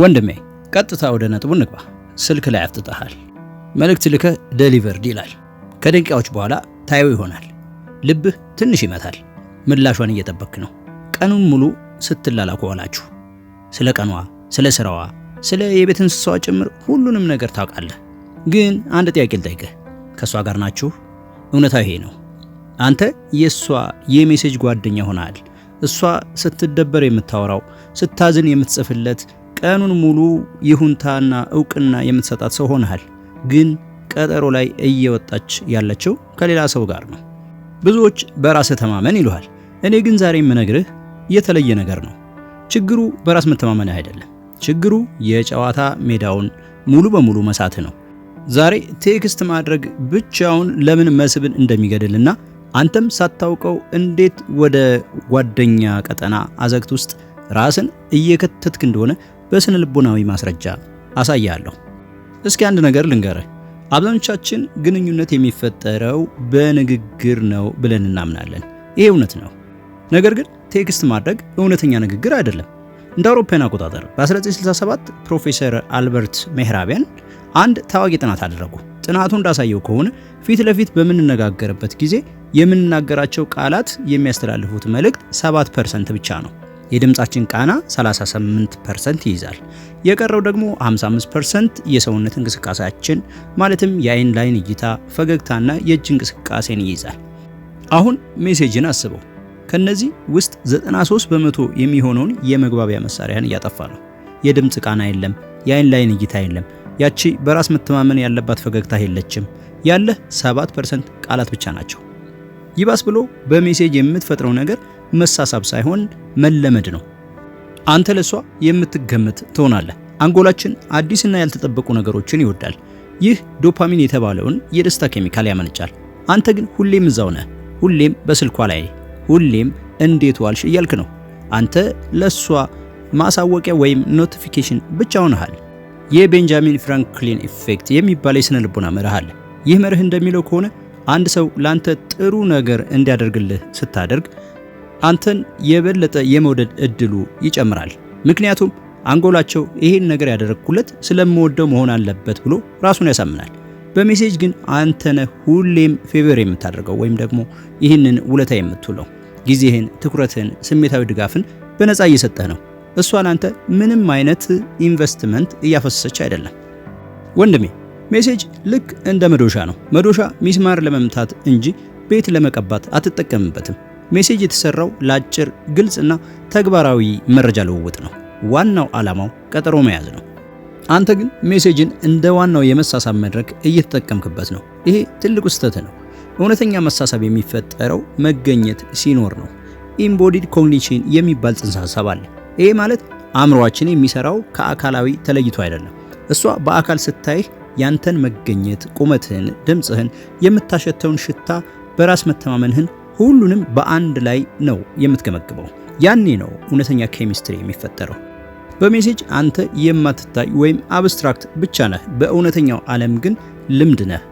ወንድሜ ቀጥታ ወደ ነጥቡ እንግባ። ስልክ ላይ አፍጥጠሃል። መልእክት ልከህ ደሊቨርድ ይላል። ከደቂቃዎች በኋላ ታየው ይሆናል። ልብህ ትንሽ ይመታል። ምላሿን እየጠበክ ነው። ቀኑን ሙሉ ስትላላኩ ዋላችሁ። ስለ ቀኗ፣ ስለ ስራዋ፣ ስለ የቤት እንስሳዋ ጭምር ሁሉንም ነገር ታውቃለህ። ግን አንድ ጥያቄ ልጠይቅህ። ከእሷ ጋር ናችሁ? እውነታው ይሄ ነው። አንተ የእሷ የሜሴጅ ጓደኛ ሆናል። እሷ ስትደበር የምታወራው፣ ስታዝን የምትጽፍለት፣ ቀኑን ሙሉ ይሁንታና እውቅና የምትሰጣት ሰው ሆነሃል። ግን ቀጠሮ ላይ እየወጣች ያለችው ከሌላ ሰው ጋር ነው። ብዙዎች በራስ ተማመን ይሉሃል። እኔ ግን ዛሬ የምነግርህ የተለየ ነገር ነው። ችግሩ በራስ መተማመን አይደለም። ችግሩ የጨዋታ ሜዳውን ሙሉ በሙሉ መሳት ነው። ዛሬ ቴክስት ማድረግ ብቻውን ለምን መስህብን እንደሚገድልና አንተም ሳታውቀው እንዴት ወደ ጓደኛ ቀጠና አዘግት ውስጥ ራስን እየከተትክ እንደሆነ በስነ ልቦናዊ ማስረጃ አሳያለሁ። እስኪ አንድ ነገር ልንገርህ። አብዛኞቻችን ግንኙነት የሚፈጠረው በንግግር ነው ብለን እናምናለን። ይሄ እውነት ነው። ነገር ግን ቴክስት ማድረግ እውነተኛ ንግግር አይደለም። እንደ አውሮፓውያን አቆጣጠር በ1967 ፕሮፌሰር አልበርት ሜህራቢያን አንድ ታዋቂ ጥናት አደረጉ። ጥናቱ እንዳሳየው ከሆነ ፊት ለፊት በምንነጋገርበት ጊዜ የምንናገራቸው ቃላት የሚያስተላልፉት መልእክት 7 ፐርሰንት ብቻ ነው። የድምፃችን ቃና 38% ይይዛል። የቀረው ደግሞ 55% የሰውነት እንቅስቃሴያችን ማለትም የአይን ላይን እይታ፣ ፈገግታና የእጅ እንቅስቃሴን ይይዛል። አሁን ሜሴጅን አስበው። ከነዚህ ውስጥ 93 በመቶ የሚሆነውን የመግባቢያ መሳሪያን እያጠፋ ነው። የድምፅ ቃና የለም፣ የአይን ላይን እይታ የለም፣ ያቺ በራስ መተማመን ያለባት ፈገግታ የለችም። ያለህ 7% ቃላት ብቻ ናቸው። ይባስ ብሎ በሜሴጅ የምትፈጥረው ነገር መሳሳብ ሳይሆን መለመድ ነው። አንተ ለሷ የምትገመት ትሆናለህ። አንጎላችን አዲስና ያልተጠበቁ ነገሮችን ይወዳል። ይህ ዶፓሚን የተባለውን የደስታ ኬሚካል ያመነጫል። አንተ ግን ሁሌም እዛው ነህ። ሁሌም በስልኳ ላይ፣ ሁሌም እንዴት ዋልሽ እያልክ ነው። አንተ ለሷ ማሳወቂያ ወይም ኖቲፊኬሽን ብቻ ሆነሃል። የቤንጃሚን ፍራንክሊን ኢፌክት የሚባለው የስነ ልቦና መርህ አለ። ይህ መርህ እንደሚለው ከሆነ አንድ ሰው ላንተ ጥሩ ነገር እንዲያደርግልህ ስታደርግ አንተን የበለጠ የመውደድ እድሉ ይጨምራል። ምክንያቱም አንጎላቸው ይሄን ነገር ያደረግኩለት ስለምወደው መሆን አለበት ብሎ ራሱን ያሳምናል። በሜሴጅ ግን አንተነ ሁሌም ፌቨር የምታደርገው ወይም ደግሞ ይህንን ውለታ የምትውለው። ጊዜህን፣ ትኩረትህን፣ ስሜታዊ ድጋፍን በነፃ እየሰጠህ ነው። እሷ ላንተ ምንም አይነት ኢንቨስትመንት እያፈሰሰች አይደለም። ወንድሜ ሜሴጅ ልክ እንደ መዶሻ ነው። መዶሻ ሚስማር ለመምታት እንጂ ቤት ለመቀባት አትጠቀምበትም። ሜሴጅ የተሰራው ለአጭር ግልጽና ተግባራዊ መረጃ ልውውጥ ነው። ዋናው ዓላማው ቀጠሮ መያዝ ነው። አንተ ግን ሜሴጅን እንደ ዋናው የመሳሳብ መድረክ እየተጠቀምክበት ነው። ይሄ ትልቁ ስህተት ነው። እውነተኛ መሳሳብ የሚፈጠረው መገኘት ሲኖር ነው። ኢምቦዲድ ኮግኒሽን የሚባል ጽንሰ ሀሳብ አለ። ይሄ ማለት አእምሯችን የሚሰራው ከአካላዊ ተለይቶ አይደለም። እሷ በአካል ስታይህ ያንተን መገኘት፣ ቁመትህን፣ ድምፅህን፣ የምታሸተውን ሽታ፣ በራስ መተማመንህን ሁሉንም በአንድ ላይ ነው የምትገመግመው። ያኔ ነው እውነተኛ ኬሚስትሪ የሚፈጠረው። በሜሴጅ አንተ የማትታይ ወይም አብስትራክት ብቻ ነህ፣ በእውነተኛው ዓለም ግን ልምድ ነህ።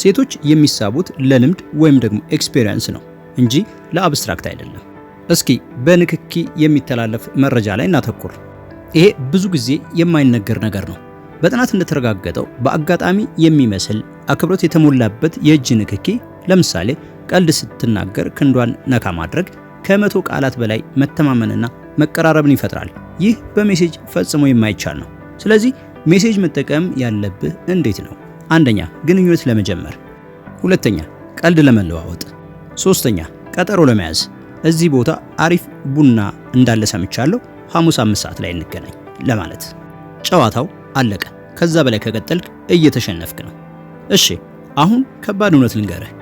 ሴቶች የሚሳቡት ለልምድ ወይም ደግሞ ኤክስፔሪየንስ ነው እንጂ ለአብስትራክት አይደለም። እስኪ በንክኪ የሚተላለፍ መረጃ ላይ እናተኩር። ይሄ ብዙ ጊዜ የማይነገር ነገር ነው። በጥናት እንደተረጋገጠው በአጋጣሚ የሚመስል አክብሮት የተሞላበት የእጅ ንክኪ ለምሳሌ ቀልድ ስትናገር ክንዷን ነካ ማድረግ ከመቶ ቃላት በላይ መተማመንና መቀራረብን ይፈጥራል። ይህ በሜሴጅ ፈጽሞ የማይቻል ነው። ስለዚህ ሜሴጅ መጠቀም ያለብህ እንዴት ነው? አንደኛ ግንኙነት ለመጀመር፣ ሁለተኛ ቀልድ ለመለዋወጥ፣ ሶስተኛ ቀጠሮ ለመያዝ። እዚህ ቦታ አሪፍ ቡና እንዳለ ሰምቻለሁ፣ ሐሙስ አምስት ሰዓት ላይ እንገናኝ ለማለት። ጨዋታው አለቀ። ከዛ በላይ ከቀጠልክ እየተሸነፍክ ነው። እሺ አሁን ከባድ እውነት ልንገርህ።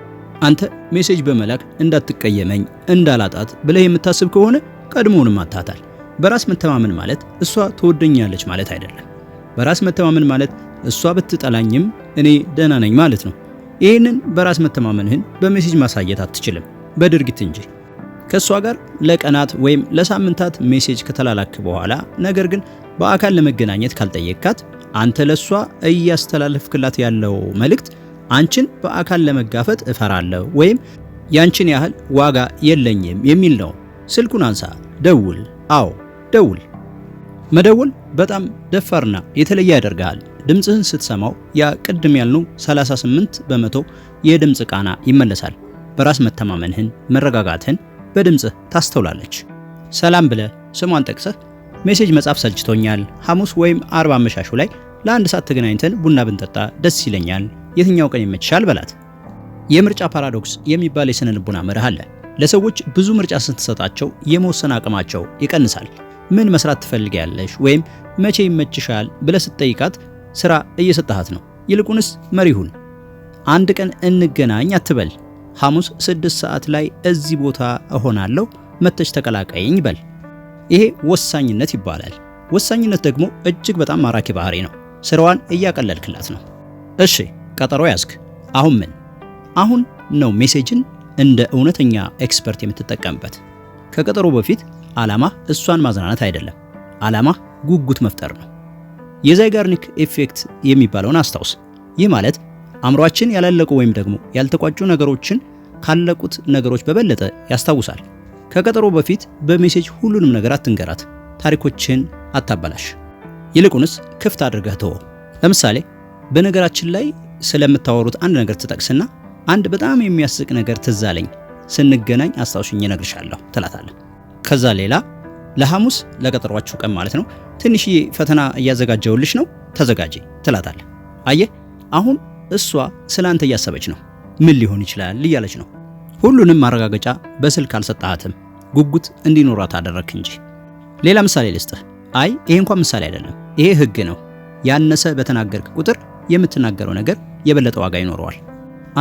አንተ ሜሴጅ በመላክ እንዳትቀየመኝ እንዳላጣት ብለህ የምታስብ ከሆነ ቀድሞውንም አታታል። በራስ መተማመን ማለት እሷ ትወደኛለች ማለት አይደለም። በራስ መተማመን ማለት እሷ ብትጠላኝም እኔ ደህና ነኝ ማለት ነው። ይህንን በራስ መተማመንህን በሜሴጅ ማሳየት አትችልም፣ በድርጊት እንጂ። ከእሷ ጋር ለቀናት ወይም ለሳምንታት ሜሴጅ ከተላላክ በኋላ ነገር ግን በአካል ለመገናኘት ካልጠየቅካት አንተ ለእሷ እያስተላለፍክላት ያለው መልእክት አንቺን በአካል ለመጋፈጥ እፈራለሁ ወይም ያንቺን ያህል ዋጋ የለኝም የሚል ነው። ስልኩን አንሳ፣ ደውል። አዎ ደውል። መደወል በጣም ደፋርና የተለየ ያደርግሃል። ድምፅህን ስትሰማው ያ ቅድም ያልነው 38 በመቶ የድምፅ ቃና ይመለሳል። በራስ መተማመንህን፣ መረጋጋትህን በድምፅህ ታስተውላለች። ሰላም ብለህ ስሟን ጠቅሰህ ሜሴጅ መጻፍ ሰልችቶኛል፣ ሐሙስ ወይም አርብ አመሻሹ ላይ ለአንድ ሰዓት ተገናኝተን ቡና ብንጠጣ ደስ ይለኛል የትኛው ቀን ይመችሻል በላት። የምርጫ ፓራዶክስ የሚባል የስነ ልቡና መርህ አለ። ለሰዎች ብዙ ምርጫ ስትሰጣቸው የመወሰን አቅማቸው ይቀንሳል። ምን መስራት ትፈልጊያለሽ ወይም መቼ ይመችሻል ብለህ ስትጠይቃት ስራ እየሰጠሃት ነው። ይልቁንስ መሪሁን አንድ ቀን እንገናኝ አትበል። ሐሙስ ስድስት ሰዓት ላይ እዚህ ቦታ እሆናለሁ መተች ተቀላቀይኝ በል። ይሄ ወሳኝነት ይባላል። ወሳኝነት ደግሞ እጅግ በጣም ማራኪ ባህሪ ነው። ስራዋን እያቀለልክላት ነው። እሺ ቀጠሮ ያዝክ። አሁን ምን? አሁን ነው ሜሴጅን እንደ እውነተኛ ኤክስፐርት የምትጠቀምበት። ከቀጠሮ በፊት ዓላማ እሷን ማዝናናት አይደለም። ዓላማ ጉጉት መፍጠር ነው። የዛይጋርኒክ ኤፌክት የሚባለውን አስታውስ። ይህ ማለት አእምሯችን ያላለቁ ወይም ደግሞ ያልተቋጩ ነገሮችን ካለቁት ነገሮች በበለጠ ያስታውሳል። ከቀጠሮ በፊት በሜሴጅ ሁሉንም ነገር አትንገራት፣ ታሪኮችን አታበላሽ። ይልቁንስ ክፍት አድርገህ ተወው። ለምሳሌ በነገራችን ላይ ስለምታወሩት አንድ ነገር ትጠቅስና አንድ በጣም የሚያስቅ ነገር ትዝ አለኝ ስንገናኝ አስታውሽኝ እነግርሻለሁ ትላታለህ። ከዛ ሌላ ለሐሙስ ለቀጠሯችሁ ቀን ማለት ነው ትንሽዬ ፈተና እያዘጋጀውልሽ ነው ተዘጋጂ ትላታለህ። አየህ አሁን እሷ ስለ አንተ እያሰበች ነው። ምን ሊሆን ይችላል እያለች ነው። ሁሉንም ማረጋገጫ በስልክ አልሰጣሃትም፣ ጉጉት እንዲኖራት አደረክ እንጂ። ሌላ ምሳሌ ልስጥህ። አይ ይሄ እንኳን ምሳሌ አይደለም፣ ይሄ ህግ ነው። ያነሰ በተናገርክ ቁጥር የምትናገረው ነገር የበለጠ ዋጋ ይኖረዋል።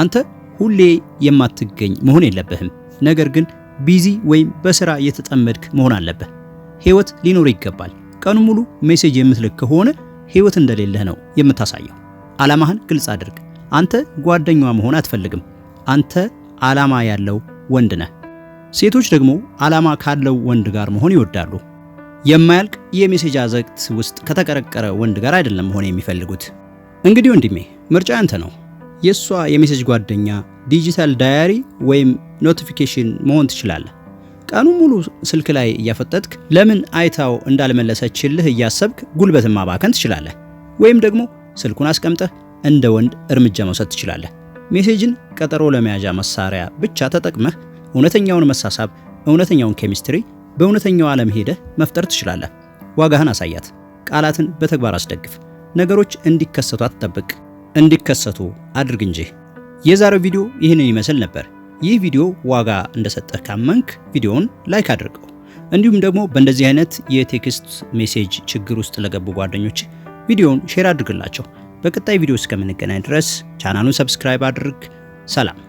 አንተ ሁሌ የማትገኝ መሆን የለብህም። ነገር ግን ቢዚ ወይም በስራ የተጠመድክ መሆን አለብህ። ህይወት ሊኖር ይገባል። ቀኑ ሙሉ ሜሴጅ የምትልክ ከሆነ ህይወት እንደሌለህ ነው የምታሳየው። ዓላማህን ግልጽ አድርግ። አንተ ጓደኛዋ መሆን አትፈልግም። አንተ ዓላማ ያለው ወንድ ነህ። ሴቶች ደግሞ ዓላማ ካለው ወንድ ጋር መሆን ይወዳሉ። የማያልቅ የሜሴጅ አዘቅት ውስጥ ከተቀረቀረ ወንድ ጋር አይደለም መሆን የሚፈልጉት። እንግዲህ ወንድሜ ምርጫ ያንተ ነው። የእሷ የሜሴጅ ጓደኛ፣ ዲጂታል ዳያሪ ወይም ኖቲፊኬሽን መሆን ትችላለህ። ቀኑ ሙሉ ስልክ ላይ እያፈጠጥክ ለምን አይታው እንዳልመለሰችልህ እያሰብክ ጉልበትን ማባከን ትችላለህ። ወይም ደግሞ ስልኩን አስቀምጠህ እንደ ወንድ እርምጃ መውሰድ ትችላለህ። ሜሴጅን ቀጠሮ ለመያዣ መሳሪያ ብቻ ተጠቅመህ እውነተኛውን መሳሳብ፣ እውነተኛውን ኬሚስትሪ በእውነተኛው ዓለም ሄደህ መፍጠር ትችላለህ። ዋጋህን አሳያት። ቃላትን በተግባር አስደግፍ። ነገሮች እንዲከሰቱ አትጠብቅ። እንዲከሰቱ አድርግ እንጂ። የዛሬው ቪዲዮ ይህንን ይመስል ነበር። ይህ ቪዲዮ ዋጋ እንደሰጠህ ካመንክ ቪዲዮውን ላይክ አድርገው። እንዲሁም ደግሞ በእንደዚህ አይነት የቴክስት ሜሴጅ ችግር ውስጥ ለገቡ ጓደኞች ቪዲዮውን ሼር አድርግላቸው። በቀጣይ ቪዲዮ እስከምንገናኝ ድረስ ቻናሉን ሰብስክራይብ አድርግ። ሰላም